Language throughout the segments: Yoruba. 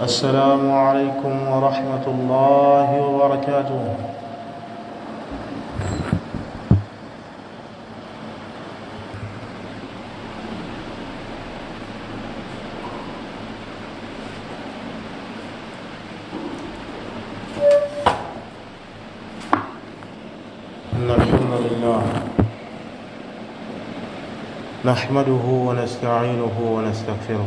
السلام عليكم ورحمة الله وبركاته إن الحمد لله نحمده ونستعينه ونستغفره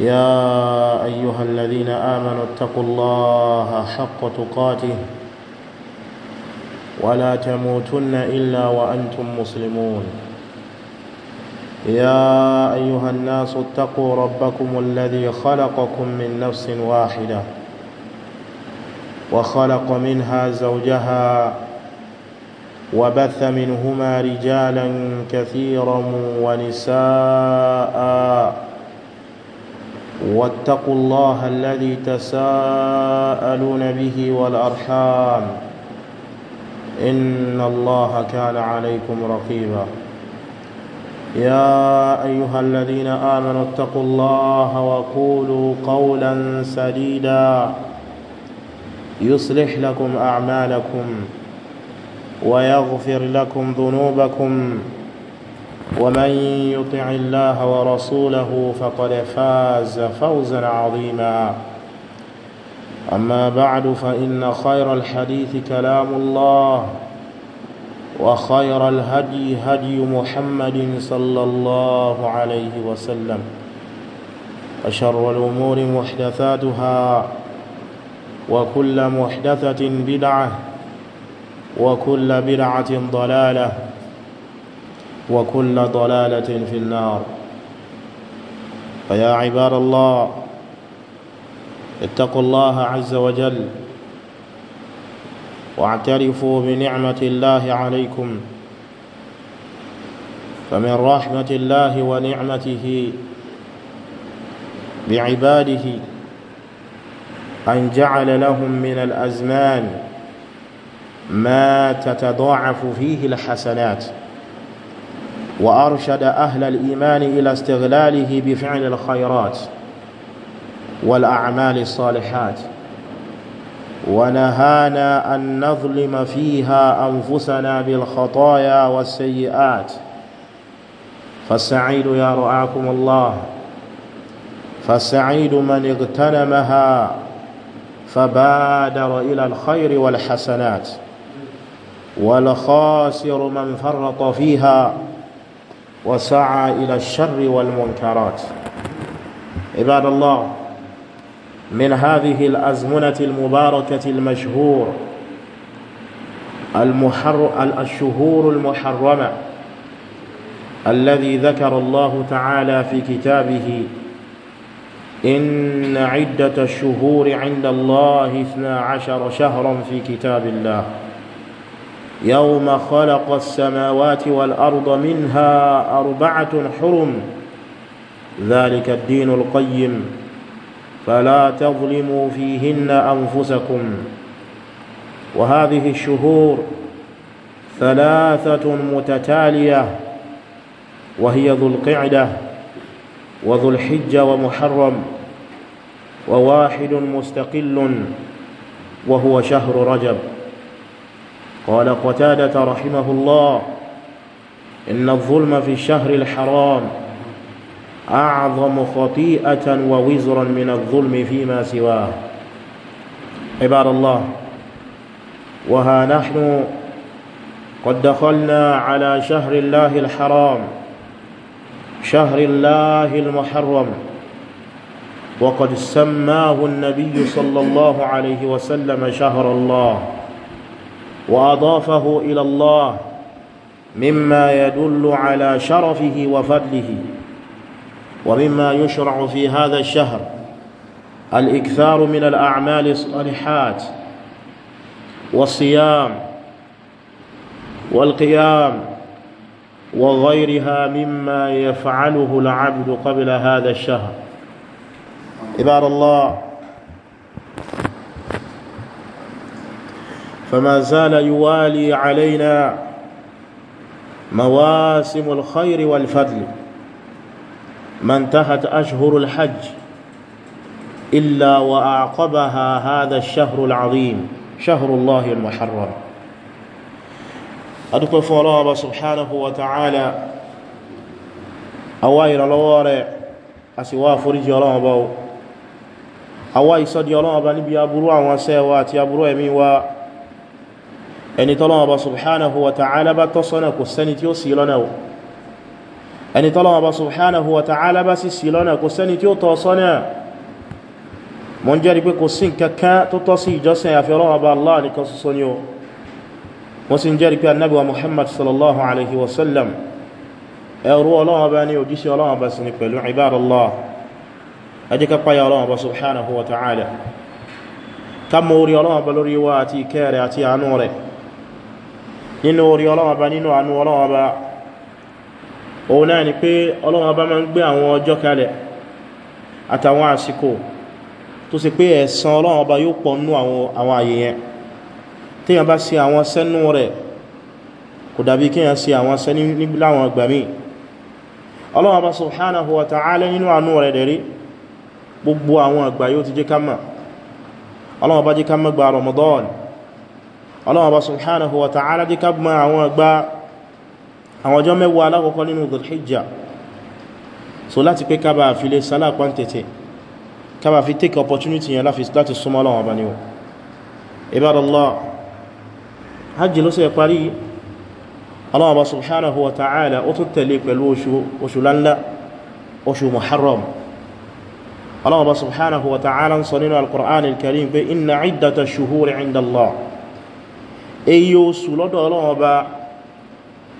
يا ايها الذين امنوا اتقوا الله حق تقاته ولا تموتن الا وانتم مسلمون يا ايها الناس اتقوا ربكم الذي خلقكم من نفس واحده وخلق منها زوجها وبث منهما رجالا كثيرا ونساء واتقوا الله الذي تساءلون به والارحام ان الله كان عليكم رقيبا يا ايها الذين امنوا اتقوا الله وقولوا قولا سديدا يصلح لكم اعمالكم ويغفر لكم ذنوبكم ومن يطع الله ورسوله فقد فاز فوزا عظيما أما بعد فإن خير الحديث كلام الله وخير الهدي هدي محمد صلى الله عليه وسلم وشر الأمور محدثاتها وكل محدثة بدعة وكل بدعة ضلالة وكل ضلالة في النار فيا عباد الله اتقوا الله عز وجل واعترفوا بنعمة الله عليكم فمن رحمة الله ونعمته بعباده أن جعل لهم من الأزمان ما تتضاعف فيه الحسنات وارشد اهل الايمان الى استغلاله بفعل الخيرات والاعمال الصالحات ونهانا ان نظلم فيها انفسنا بالخطايا والسيئات فالسعيد يا رعاكم الله فالسعيد من اغتنمها فبادر الى الخير والحسنات والخاسر من فرط فيها وسعى إلى الشر والمنكرات عباد الله من هذه الأزمنة المباركة المشهور المحر الشهور المحرمة الذي ذكر الله تعالى في كتابه إن عدة الشهور عند الله اثنا عشر شهرا في كتاب الله يوم خلق السماوات والأرض منها أربعة حرم ذلك الدين القيم فلا تظلموا فيهن أنفسكم وهذه الشهور ثلاثة متتالية وهي ذو القعدة وذو الحجة ومحرم وواحد مستقل وهو شهر رجب قال قتادة رحمه الله إن الظلم في الشهر الحرام أعظم خطيئة ووزرا من الظلم فيما سواه عباد الله وها نحن قد دخلنا على شهر الله الحرام شهر الله المحرم وقد سماه النبي صلى الله عليه وسلم شهر الله وأضافه إلى الله مما يدل على شرفه وفضله ومما يشرع في هذا الشهر الإكثار من الأعمال الصالحات والصيام والقيام وغيرها مما يفعله العبد قبل هذا الشهر عباد الله فما زال يوالي علينا مواسم الخير والفضل ما انتهت أشهر الحج إلا وأعقبها هذا الشهر العظيم شهر الله المحرم أدوك فراب سبحانه وتعالى أوائر الوارع أسوا فرج الله أوائر صدي الله نبي أبروع وسيوات أبروع أمي وأبرو ẹni tọ́lọ́wọ́ bá subhanahu wa ta'ala bá tọ́sọ́nà kò sẹ́ni tí ó sì lọ́nà o ẹni tọ́lọ́wọ́ bá subhanahu wa ta'ala bá sì sì lọ́nà kò sẹ́ni tí ó tọ́sọ́nà mọ́ jẹ́rìí pé kò sí nǹkankan tó tọ́ sí ìjọsìn àfi Ọlọ́run Ọba Allah nìkan ṣoṣo ni o wọ́n sì ń jẹ́rìí pé annabi wa muhammad sallallahu alaihi wa sallam ẹrú Ọlọ́run Ọba ní òjíṣẹ́ Ọlọ́run Ọba sì ni pẹ̀lú ibadallah ẹ jẹ́ ká páyà Ọlọ́run Ọba subhanahu wa ta'ala ká mọ̀ orí Ọlọ́run Ọba lórí wa àti ìkẹ́ rẹ̀ àti àánú rẹ̀ nínú orí ọlọ́wọ́ba nínú àánú ọlọ́wọ́ba òun náà ni pé ọlọ́wọ́ba ma ń gbé àwọn ọjọ́ kalẹ̀ àtàwọn àsìkò tó sì pé ẹ̀san ọlọ́wọ́ba yóò pọ̀ nú àwọn àyè yẹn téèyàn bá sí àwọn rẹ̀ kò dàbí àwọn ọgbà gbogbo àwọn àgbà yóò ti jẹ́ ọlọ́wọ́ bá subhanahu wa ta'ala jí kágbọ́n àwọn ọgbá àwọn ọjọ́ mẹ́wàá alákọ̀ọ́kọ́ nínú dhul-hijjah so láti pé kábà fi lè sálà pán tètè kábà fi take opportunity yẹn láti súnmọ́ ọlọ́wọ́ bá níwọ̀ ibadallah hajj ló sì parí ọlọ́wọ́ bá subhanahu wa ta'ala ó tún tẹ̀lé pẹ̀lú oṣù lánlá muharram ọlọ́wọ́ wa ta'ala sọ nínú al-Qur'an al-Karim pé inna iddatash-shuhuri 'inda Allah eye oṣù lọ́dọ̀ Ọlọ́run Ọba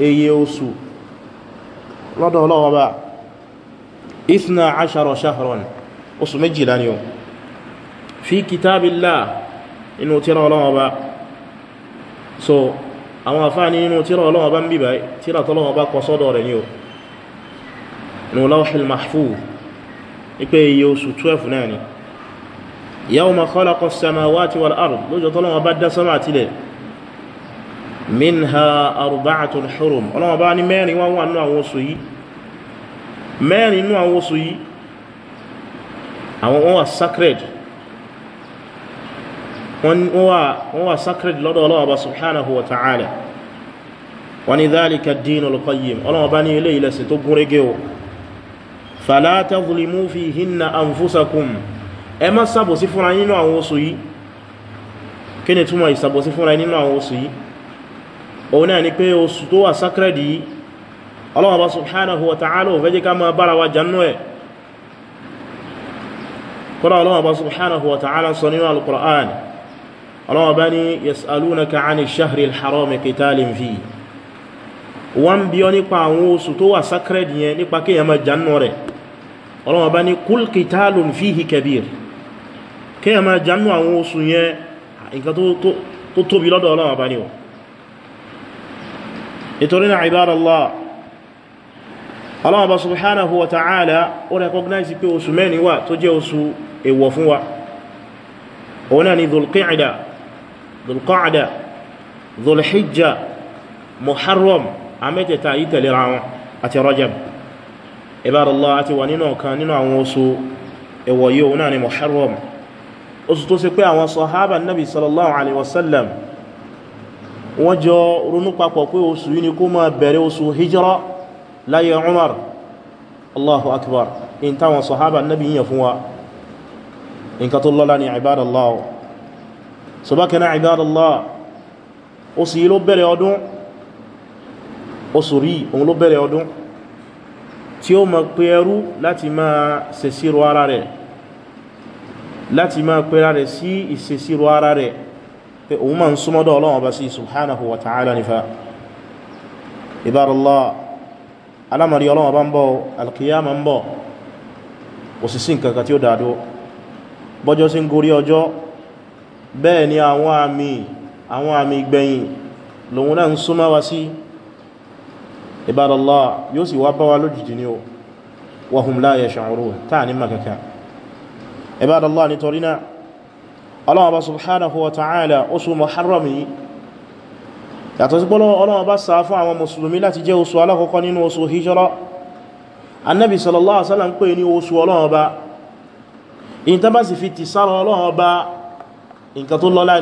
eye oṣù lọ́dọ̀ Ọlọ́run Ọba ithna ashara shahran oṣù méjìlá ni o fi kitabillah inú tírà Ọlọ́run Ọba so àwọn àfáàní inú tírà Ọlọ́run Ọba ń bíbá tírà tọ́lọ́run Ọba kọ sọ́dọ̀ rẹ̀ ni o inú lawhil mahfuz ipe iye oṣù 12 náà ni yawma khalaqa as-samawati wal ard lójọ́ tọ́lọ́run Ọba dá sánmà tilẹ̀ minha arba'atun hurum ọlọ́wọ́ bá ní mẹ́rin wọ́n wà nínú àwọn oṣù yìí mẹ́rin nínú àwọn oṣù yìí àwọn wọ́n wà sacred wọ́n wà sacred lọ́dọ̀ ọlọ́wọ́ bá subhanahu wa ta'ala wọ́n ni dhalika ad-dinul qayyim ọlọ́wọ́ bá ní ilé ilẹ̀sìn tó gún régé o fala tadhlimu fihinna anfusakum ẹ má ṣàbòsí fúnra nínú àwọn oṣù yìí kí ni túmọ̀ ìṣàbòsí fúnra nínú àwọn oṣù yìí òun náà ni pé oṣù tó wà sacred yìí Allah wa subhanahu wa ta'ala òfẹ́ jẹ́ ká máa bára wa jannú ẹ̀ kọ́lá Allah wa subhanahu wa ta'ala sọ nínú al-Qur'an Allah wa bani yas'alunaka 'ani ash-shahri al-harami qitalin fi wọ́n bí ọ nípa àwọn oṣù tó wà sacred yẹn nípa kéèyàn máa jannú rẹ̀ Allah wa bani kul qitalun fihi kabir kéèyàn máa jannú àwọn oṣù yẹn nǹkan tó tóbi lọ́dọ̀ Allah wa bani nítorí náà ibádàlá aláwọ̀bá subhanahu wa ta'ala ó recognize pé oṣù mẹ́rin wà tó jẹ́ oṣù èwọ̀ fún wa òun náà ni dhulqa'da dhulqa'da dhulhijja muharram a mẹ́tẹ̀ta yí tẹ̀lé ra wọn àti rajab ibádàlá àti wà nínú ọ̀kan nínú àwọn oṣù èwọ̀ yìí náà ni muharram oṣù tó ṣe pé àwọn sahaba nabi sallallahu alaihi wasallam wọ́n jọ ronú papọ̀ pé oṣù yìí ni kó máa bẹ̀rẹ̀ oṣù hijira láyé umar allahu akbar in táwọn sahaba nabi yíyàn fún wa in ka tó lọ́la ni ibadallah so bá kẹ́nà ibadallah oṣù yìí ló bẹ̀rẹ̀ ọdún oṣù rí òun ló bẹ̀rẹ̀ ọdún tí ó máa pè ẹrú láti máa ṣèṣirò ara rẹ̀ láti máa pè ara rẹ̀ sí ìṣèṣirò ara rẹ̀ pé òun máa ń súnmọ́dọ̀ Ọlọ́run Ọba sí subhanahu wa ta'ala nífà ibadallah alamari Ọlọ́run Ọba ń bọ̀ alkiyama ń bọ̀ òsìsí nkankan tí ó dàdó bọ́jọ́ sí ń gorí ọjọ́ bẹ́ẹ̀ ni àwọn àmì àwọn àmì ìgbẹ̀yìn lòun náà ń súnmọ́ wa sí ibadallah yóò sì wá bá wa lójijì ni ó wahum la yash'urun táà ní makaka ibadallah nítorí náà ọlọ́wọ́ bá subhanahu wa ta'ala oṣù muharrami yàtọ̀ sí pọ́lọ́ ọlọ́wọ́ bá sáà fún àwọn musulmi láti jẹ́ oṣù alákọ́kọ́ nínú oṣù hijira annabi sallallahu alaihi wasallam pè ní oṣù ọlọ́wọ́ bá in ta bá sì fi ti sára ọlọ́wọ́ bá nǹkan tó lọ́lá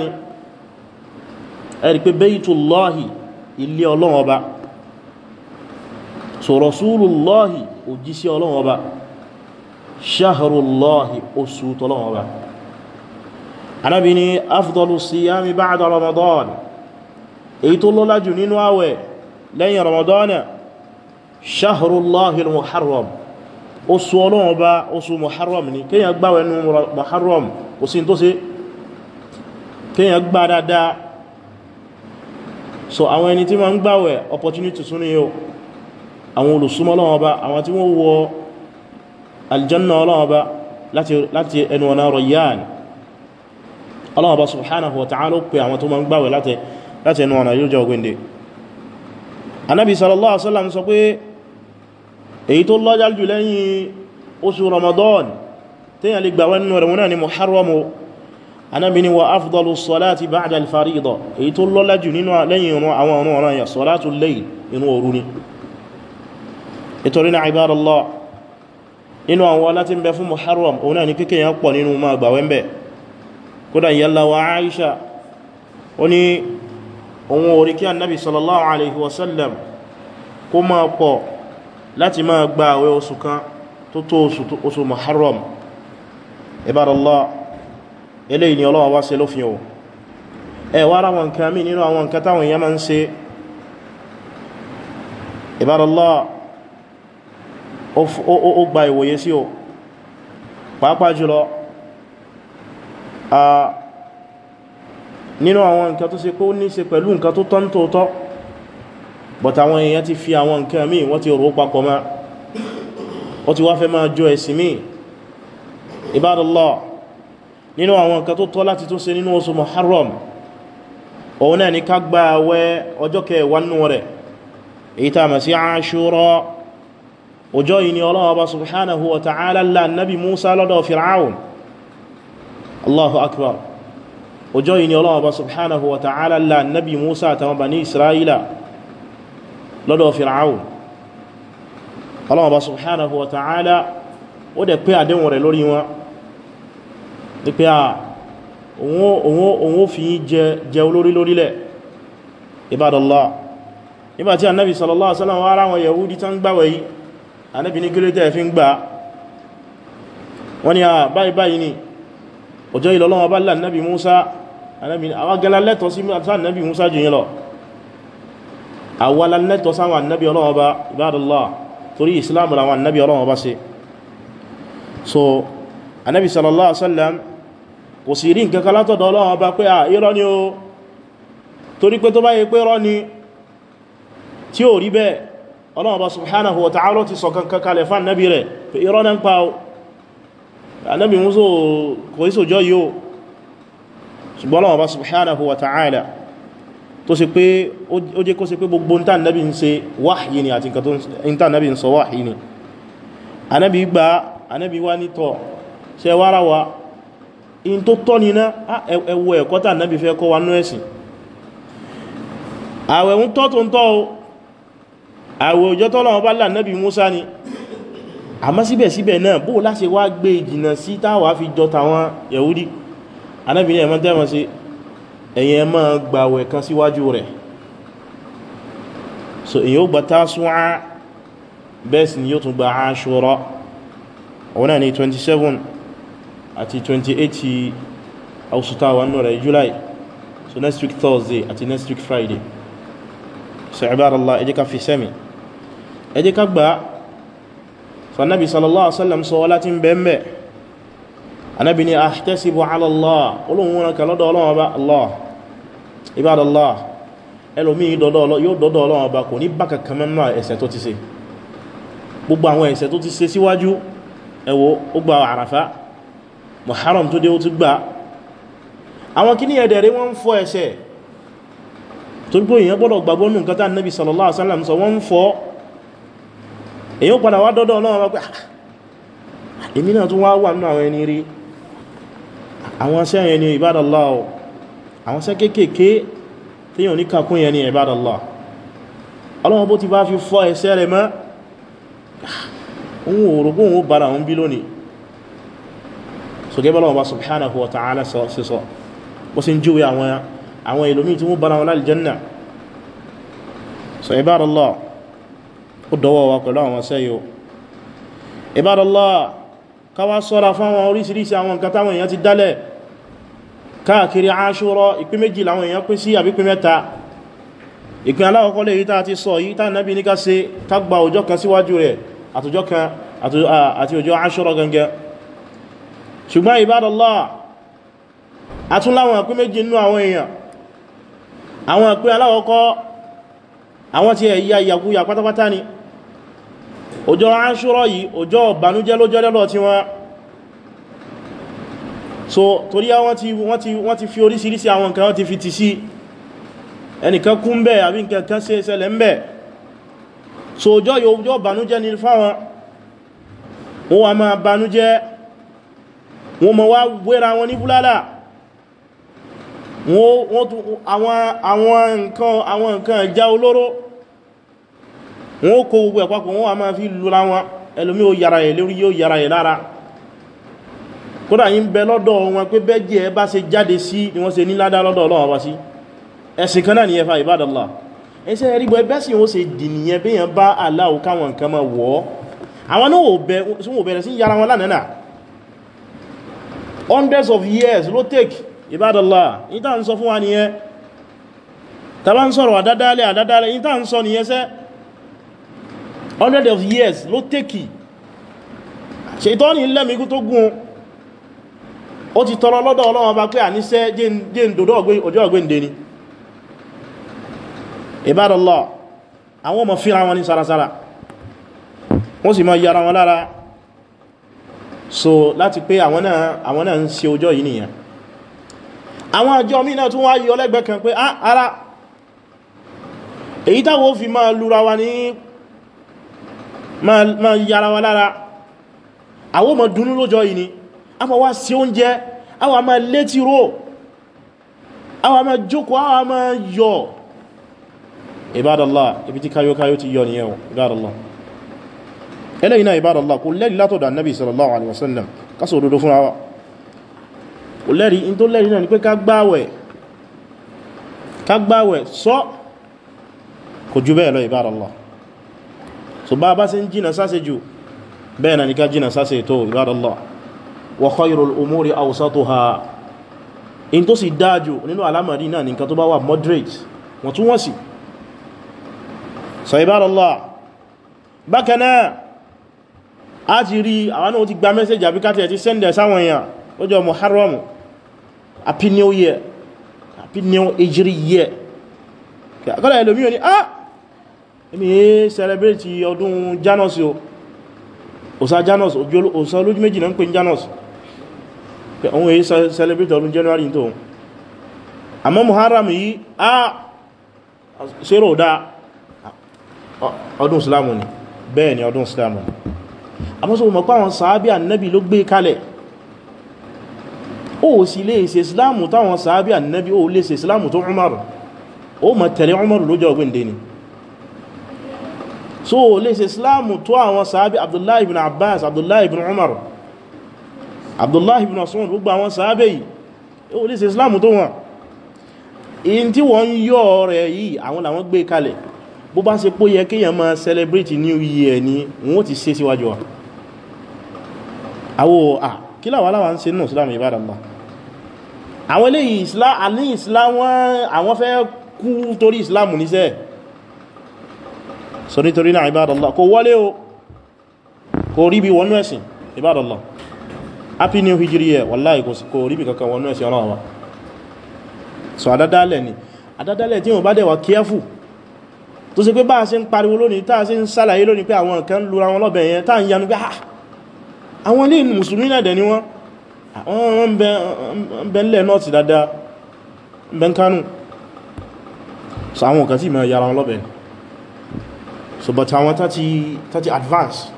anábi ni afdalu siyami ba'da ramadan èyí tó lọ́lá jù nínú àwẹ̀ lẹ́yìn ramadan shahrullahil muharram oṣù ọlọ́run bá oṣù muharram ni kíyàn gbáwẹ̀ nínú muharram kò sí tó sí kíyàn gbá dáadáa so àwọn ẹni tí ma ń gbáwẹ̀ opportunity tún ní yóò àwọn olùsúmọ́ ọlọ́run ọba àwọn tí wọ́n wọ aljanna ọlọ́run ọba láti ẹnu ọ̀nà rọ̀yáàni Allah subhanahu wa ta'ala pé àwọn tó ma ń gbàwẹ̀ láti ẹnu ọ̀nà yóò jẹ́ ogbende anábi sallallahu alaihi wasallam sọ pé èyí tó lọ́jà jù lẹ́yìn oṣù ramadan téèyàn lè gbàwẹ̀ nínú rẹ̀ wọn náà ni muharram anábi ni wa afdalu salati ba'da al-farida èyí tó lọ́lá jù nínú lẹ́yìn ìrun àwọn ọ̀run ọ̀rọ̀ yà salatul layl inú kódà yalla wa aisha ó ní ohun orí kí annabi sallallahu alaihi wasallam kó máa pọ̀ láti máa gba àwẹ̀ oṣù kan tó tó oṣù muharram ibadallah eléyìí ni Ọlọ́run wá ṣe lófin o ẹwà ara wọn kan nínú àwọn nǹkan táwọn ń ṣe ibadallah ó gba ìwòye sí o pàápàá jùlọ nínú àwọn nǹkan tó ṣe kó ní ṣe pẹ̀lú nǹkan tó tọ́ nítòótọ́ but àwọn èèyàn ti fi àwọn nǹkan míì wọ́n ti rò papọ̀ ma ó ti wá fẹ́ máa jọ ẹ̀sìn míì ibadallah nínú àwọn nǹkan tó tọ́ láti tó ṣe nínú oṣù muharram òun náà ká gba àwẹ̀ ọjọ́ kẹwàá rẹ̀ èyí tá a mọ̀ sí Ashura ọjọ́ yìí subhanahu wa ta'ala la Musa lọ́dọ̀ Fir'aun Allahu akbar ọjọ́ yìí ni Ọlọ́run Ọba subhanahu wa ta'ala la nabi Musa àtàwọn Bani Isra'ila lọ́dọ̀ Fir'aun Ọlọ́run Ọba subhanahu wa ta'ala ó dẹ̀ pé àdéhùn rẹ̀ lórí wọn ní pé à òun ó fi jẹ olórí lórílẹ̀ ibadallah nígbàtí annabi sallallahu alaihi wasallam ara wọn yahudi tán gbáwẹ̀ yìí annabi ní kílé tẹ́ fi ń gbà wọ́n ni à báyìí báyìí ni ọjọ́ ìlọ lọ́wọ́ bá lánàbí Musa awagala lẹ́tọ̀ sí ànábì Musa jù yín lọ àwọlá lẹ́tọ̀ sáwọn ànábì Ọlọ́run bá ibadallah torí Islam làwọn ànábì Ọlọ́run bá so ànábì sallallahu alaihi wasallam kò sì rí nǹkan kan látọ̀dọ̀ Ọlọ́run bá pé à irọ́ ni o torí pé tó bá yẹ pé irọ́ ni tí ò rí bẹ́ẹ̀ Ọlọ́run bá subhanahu wa ta'ala ti sọ kankan kalẹ̀ fún ànábì rẹ̀ pé irọ́ náà ń pa o anábì Mùsá kò í sòjọ́ yóò ṣùgbọ́n Ọlọ́hun Ọba subhanahu wa ta'ala tó ṣe pé ó jẹ́ kó ṣe pé gbogbo ǹtí anábì ń ṣe wáhìí ni àti ǹtí anábì ń sọ wáhìí ni anábì gba anábì wá nítọ̀ ṣe wára wa in tó tọ́ ni náà ẹwọ ẹ̀kọ́ tà fẹ́ kọ́ àmọ́ síbẹ̀síbẹ̀ náà bó láṣe wá gbé ìjìnà sí táwà fi jọta wọn yẹ̀wúdí anábìnrin ẹ̀mọ́ tẹ́mọ̀ sí ẹ̀yẹn mọ́ gbàwẹ̀ kan síwájú rẹ̀ so èyí ó gba Tásúà bẹ́ẹ̀ sì ni yóò tún gba Àṣúrà ọ̀wọ́n náà ni 27 àti 28 àwùsùtáwà nù rẹ̀ July so next week Thursday àti next week Friday so ìbára Allah ẹ jẹ́ ká fi sẹ́mi ẹ jẹ́ gbàá فالنبي صلى الله عليه وسلم صلاة بمبه anábi ni ahtasibu ala Allah olóhun wọn kan lọ́dọ̀ Ọlọ́run ọba Allah ibad Allah ẹlòmí yóò dọ́dọ̀ Ọlọ́run ọba kò ní bákà kan mẹ́mọ́ ẹ̀ṣẹ̀ tó ti ṣe gbogbo àwọn ẹ̀ṣẹ̀ tó ti ṣe síwájú ẹwọ ó gba Àràfá Muharram tó dé ó ti gbà àwọn kí ní ẹ̀dẹ̀rẹ́ wọ́n ń fọ ẹ̀ṣẹ̀ tó gbóyìn gbọ́dọ̀ gbàgbónù nǹkan tá Nabi sallallahu alaihi wasallam sọ wọ́n ń fọ́ èyí ó padà wá dọ́dọ̀ Ọlọ́run wọ́n pé ah, èmi náà tún wá wà nínú àwọn ẹni rí àwọn ṣẹ́ ẹni ìbádàlá ọ̀ àwọn ṣẹ́ kéèkéé tí yíò ní kàkún ẹni ìbádàlá Ọlọ́run bó ti bá fi fọ́ ẹsẹ́ rẹ̀ mọ́ ohun òrùgbó ohun bára ohun bí lónìí so gẹ́bẹ́ Ọlọ́run bá subhanahu wa ta'ala sísọ bó sì ń jíwé ó dọwọ́ wa pẹ̀lú àwọn sẹ́yọ Ibadallah káwà sọ́ra fún àwọn orísìírísìí àwọn nǹkan táwọn èèyàn ti dálẹ̀ káàkiri Ashura ìpín méjì láwọn èèyàn pín sí àbí ìpín mẹ́ta ìpín aláwọ̀kọ́ lè yíta àti sọ yíta nábi ní ká ṣe tágbà ọjọ́ kan síwájú rẹ̀ àti ọjọ́ Ashura gangan ṣùgbọ́n Ibadallah atúnláwọn ìpín méjì nínú àwọn pátápátá ni ọjọ́ aṣúrọ̀ yìí ọjọ́ ìbànújẹ́ ló jẹ́ lọ́lọ́ tí wọ́n so torí àwọn tí wọ́n ti wọ́n ti fi oríṣiríṣi àwọn nǹkan ti fi ti sí ẹnìkan kú ń bẹ àbí nǹkan kan ṣe ṣẹlẹ̀ ń bẹ so ọjọ́ yìí ọjọ́ ìbànújẹ́ ni fáwọn wọ́n wá máa banújẹ́ wọ́n mọ̀ wá wéra wọn ní búlálà wọ́n àwọn nǹkan àwọn nǹkan olóró wọ́n kó gbogbo ẹ̀pápọ̀ wọ́n wà máa fi lura wọn ẹlòmí ó yára ẹ̀ lórí yóò yára ẹ̀ lára kódà yí ń bẹ lọ́dọ̀ wọn pé bẹ́jì ẹ bá ṣe jáde sí ni wọ́n ṣe ní ládá lọ́dọ̀ Ọlọ́run bá sí ẹ̀sìn kan náà ni ẹfà ìbádọ́lá ẹsẹ́ ẹrígbọ́ ẹbẹ́ sì wọ́n ṣe dìnìyàn bí yẹn bá aláwò káwọn nǹkan mọ̀ wọ́ àwọn náà wò bẹ̀rẹ̀ sí yára wọn lánàá hundreds of years ló take ìbádọ́lá ìta ń sọ fún wa nìyẹn tàbá ń sọ̀rọ̀ àdádálẹ̀ àdádálẹ̀ ìta ń sọ nìyẹn sẹ́ hundred of years ló tẹ́kì ṣe ìtọ́ni lẹ́mìíkú tó gún ó ti tọrọ lọ́dọ̀ Ọlọ́run bá pé àníṣẹ́ jẹ́ ìdòdó ọjọ́ ọgbẹ́ndé ni ìbádọ́lọ́ àwọn ọmọ fíra wọn ní sarasara wọ́n sì máa yára wọn lára so láti pé àwọn náà àwọn náà ń ṣe ọjọ́ yìí nìyàn àwọn àjọ mí náà tún wá yọ lẹ́gbẹ̀ẹ́ kan pé ah, ara èyí táwọn ó fi máa lura wa ní ma yára wa lára àwọn ọmọ dúnú lójọ́ yìí ni a ma wá sí oúnjẹ a wà ma létí ró a wà ma jókòó a wà ma yọ ibadallah ibi tí káyókáyó ti yọ nìyẹn ibadallah ẹlẹ́ iná ibadallah kò lẹ́rí látọ̀dọ̀ annabi sallallahu alaihi wasallam kásò òdodo fún àwa kò so bá bá sí jìnà sáṣe jù bẹ́ẹ̀ na nìká jìnà sáṣe tó ibadallah wa khayrul umuri awsatuha in tó sì dájú nínú alamari náà nìkan tó bá wà moderate wọ́n tún wọ́n sí so ibadallah bákanáà a ti rí àwọn náà ti gba mẹ́sẹ̀jì àbíkátẹ̀ ti sẹ́ndẹ̀ sáwọn èèyàn lọ́jọ́ muharram happy new year happy new ejiri kọ́lá ẹlòmí ò ní ah èmi yé celebrate ọdún Janus o òsà Janus òsà olójú méjì náà ń pè ní Janus òun yé celebrate ọdún January tó ohun àmọ́ Muharram yìí a ṣérò dá ọdún Islamu ni bẹ́ẹ̀ ni ọdún Islamu ni àmọ́sọ̀ mọ̀ pàwọn sàábí ànábì ló gbé kalẹ̀ ó sì lè ṣe Islamu táwọn sàábí ànábì ó lè ṣe Islamu tó Umar ó mọ̀ tẹ̀lé Umar lójọ́ ọgbìn dẹni so lè ṣe islamu tó àwọn sàábí abdullahi ibn abbas abdullahi ibn umar abdullahi ibn asun gbogbo àwọn sàábí yìí ó lè ṣe islamu tó wọn in tí wọ́n yọ́ rẹ̀ yìí àwọn làwọn gbé kalẹ̀ bó bá ṣe pó yẹ kéèyàn máa celebrate new year ni wọ́n ti ṣe síwájú wa àwọ̀ à kí láwà láwà ń ṣe nù islam ìbádàmà àwọn eléyìí islam àwọn fẹ́ kú torí islam níṣẹ́ so nítorí náà ibadallah kò wọlé o kò rí bí wọnú ẹ̀sìn ibadallah happy new hijri yẹ wallahi kò rí bí kankan wọnú ẹ̀sìn ọlọ́wọ́ so adádálẹ̀ ni adádálẹ̀ tí wọ́n bá dẹ̀wà careful tó ṣe pé bá a ṣe ń pariwo lónìí tá a ṣe ń sàlàyé lónìí pé àwọn kan lura wọn lọ́bẹ̀ yẹn tá a ń yanu pé ha ah, àwọn ilé mùsùlùmí náà dẹ̀ ni wọ́n ah, wọ́n ń bẹ náà ti dáadáa ń bẹ ń kánú so àwọn kan sì mọ̀ wọn lọ́bẹ̀ yẹn so but àwọn tàti advance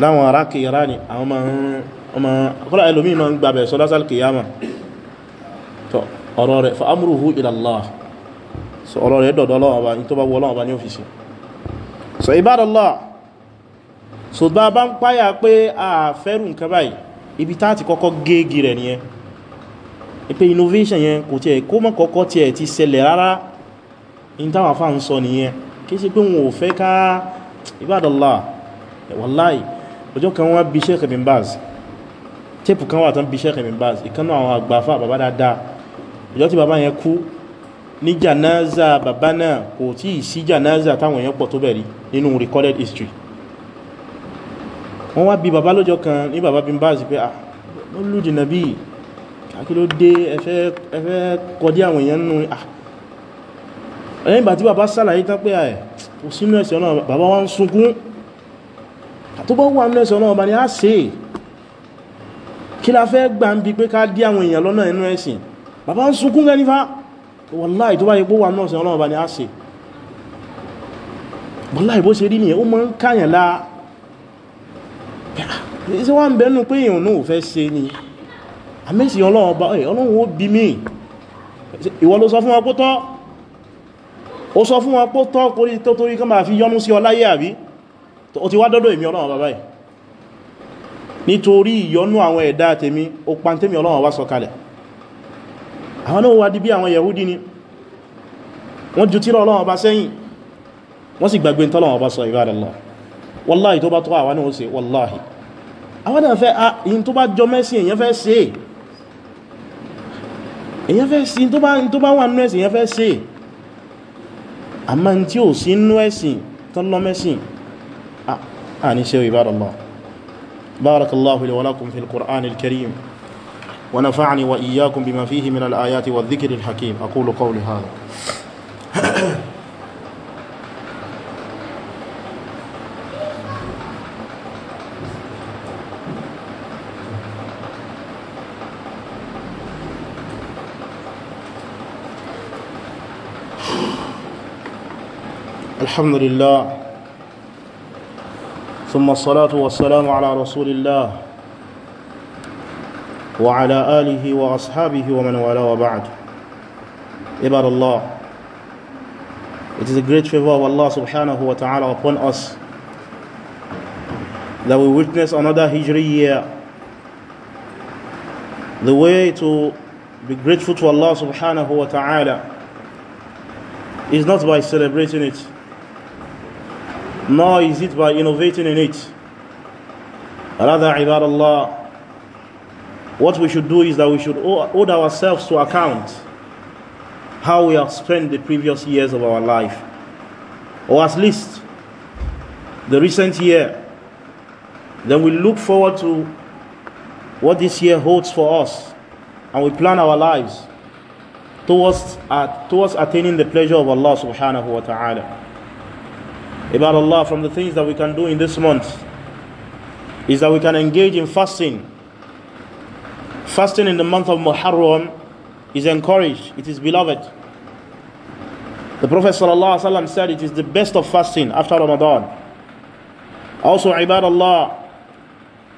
láwọn ará kìíra ni àwọn ma kọ́lá ẹlòmí ma ń gbàbẹ̀ sọ́lásàl kìíyàmà tó ọ̀rọ̀ rẹ̀ fa amúrùhú ilallah so ọ̀rọ̀ rẹ̀ dọ̀dọ̀ lọ́wọ́ba ní tó bá wọ́lọ́wọ́ bá ní ọ́fíìsì so ibadallah so bá bá ń páyà pé a fẹ́rù nǹkan báyìí ibi táti kọ́kọ́ géègì rẹ̀ nìyẹn pé innovation yẹn kò tiẹ̀ kó mọ́ kọ́kọ́ tiẹ̀ ti ṣẹlẹ̀ rárá in táwọn afá ń sọ nìyẹn kìí ṣe wọn ò fẹ́ ká ibadallah wallahi ọjọ́ kan wọ́n bí Sheikh Bin tẹ́pù kan wà tán bí Sheikh Bin Baz àwọn àgbàfà bàbá dáadáa ọjọ́ tí bàbá yẹn kú ní janaza bàbá náà kò tí ì sí janaza táwọn èèyàn pọ̀ tó bẹ̀rí nínú recorded history wọ́n wá bí bàbá lọ́jọ́ kan ní bàbá Bin Baz pé ah lójì nàbí kí ló dé ẹ àwọn èèyàn nínú ah ẹ̀yìn ìgbà tí bàbá sàlàyé tán pé ẹ̀ tó sínú ẹ̀sẹ̀ náà bàbá wá ń sunkún tó bá wà nínú ẹ̀sẹ̀ náà bá ní á ṣe kí la fẹ́ gbà ń bi pé ká dí àwọn èèyàn lọ́nà inú ẹ̀sìn bàbá ń sunkún gẹ́ nífà wàláì tó bá yẹ pó wà nínú ẹ̀sẹ̀ náà bá ní á ṣe wàláì bó ṣe rí nìyẹn ó mọ́ ń káyàn la ah, ṣe wá ń bẹnu pé èèyàn náà fẹ́ ó sọ fún wọn pó tọ́ kórí tó torí kán máa fi yọ́nú sí ọláyé àbí o ti wá dọ́dọ̀ èmi ọlọ́run bàbá yìí nítorí ìyọ́nú àwọn ẹ̀dá tèmi ó pàntẹ́mi ọlọ́run wá sọkalẹ̀ àwọn náà wá di bí àwọn yahudi ni wọ́n ju tírà ọlọ́run bá sẹ́yìn wọ́n sì gbàgbé tọ́lọ́run bá sọ ibadallah wallahi tó bá tọ́ àwọn náà ṣe wallahi àwọn náà fẹ́ in tó bá jọ mẹ́sìn èyàn fẹ́ ṣe èyàn fẹ́ ṣe in tó bá wà nínú ẹ̀sìn èyàn fẹ́ ṣe àmá tí ó sí inú ẹ̀sìn tọ́lọ́mẹ́sìn a ní ṣe ìbáraláà بارك الله لي ولكم في القرآن الكريم ونفعني وإياكم بما فيه من الآيات والذكر الحكيم أقول قولي هذا الحمد لله ثم الصلاة والسلام على رسول الله وعلى آله وأصحابه ومن والاه وبعد عباد الله It is a great favor of Allah subhanahu wa ta'ala upon us that we witness another Hijri year. The way to be grateful to Allah subhanahu wa ta'ala is not by celebrating it. nor is it by innovating in it. Rather, ibad Allah, what we should do is that we should hold ourselves to account how we have spent the previous years of our life, or at least the recent year. Then we look forward to what this year holds for us, and we plan our lives towards, uh, towards attaining the pleasure of Allah subhanahu wa ta'ala. About Allah, from the things that we can do in this month is that we can engage in fasting. Fasting in the month of Muharram is encouraged, it is beloved. The Prophet said it is the best of fasting after Ramadan. Also, Ibad Allah,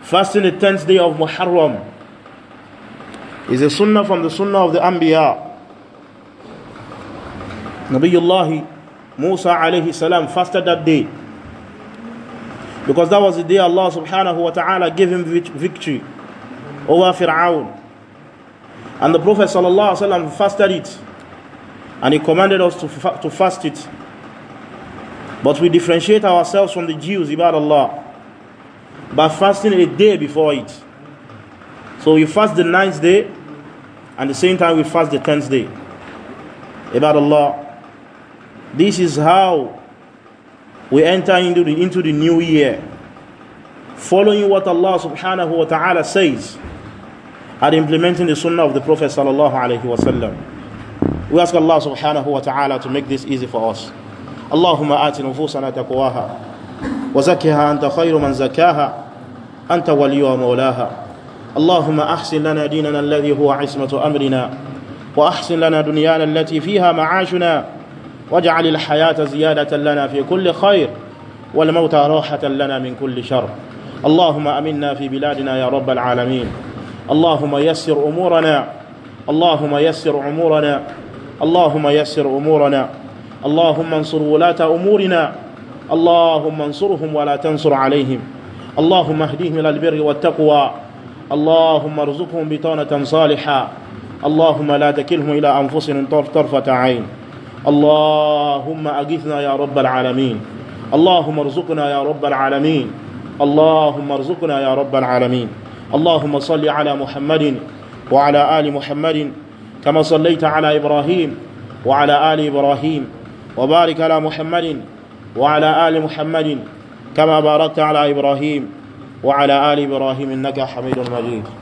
fasting the 10th day of Muharram is a sunnah from the sunnah of the Anbiya. Nabiyullah Musa alayhi salam fasted that day because that was the day Allah subhanahu wa ta'ala gave him victory over Fir'aun and the Prophet sallallahu alayhi wa sallam fasted it and he commanded us to, fa to fast it but we differentiate ourselves from the Jews ibad Allah by fasting a day before it so we fast the ninth day and the same time we fast the tenth day ibad Allah this is how we enter into the, into the new year. Following what Allah subhanahu wa ta'ala says and implementing the sunnah of the Prophet sallallahu alayhi wa sallam. We ask Allah subhanahu wa ta'ala to make this easy for us. اللهم آت نفوسنا تقواها وزكها أنت خير من زكاها أنت ولي ومولاها اللهم أحسن لنا ديننا الذي هو عصمة أمرنا وأحسن لنا دنيانا التي فيها معاشنا واجعل الحياة زيادة لنا في كل خير والموت راحة لنا من كل شر اللهم أمنا في بلادنا يا رب العالمين اللهم يسر أمورنا اللهم يسر أمورنا اللهم يسر أمورنا اللهم انصر ولاة أمورنا اللهم انصرهم ولا تنصر عليهم اللهم اهديهم إلى البر والتقوى اللهم ارزقهم بطانة صالحة اللهم لا تكلهم إلى أنفسهم طرفة عين اللهم أغثنا يا رب العالمين اللهم ارزقنا يا رب العالمين اللهم ارزقنا يا رب العالمين اللهم صل على محمد وعلى آل محمد كما صليت على إبراهيم وعلى آل إبراهيم وبارك على محمد وعلى آل محمد كما باركت على إبراهيم وعلى آل إبراهيم إنك حميد مجيد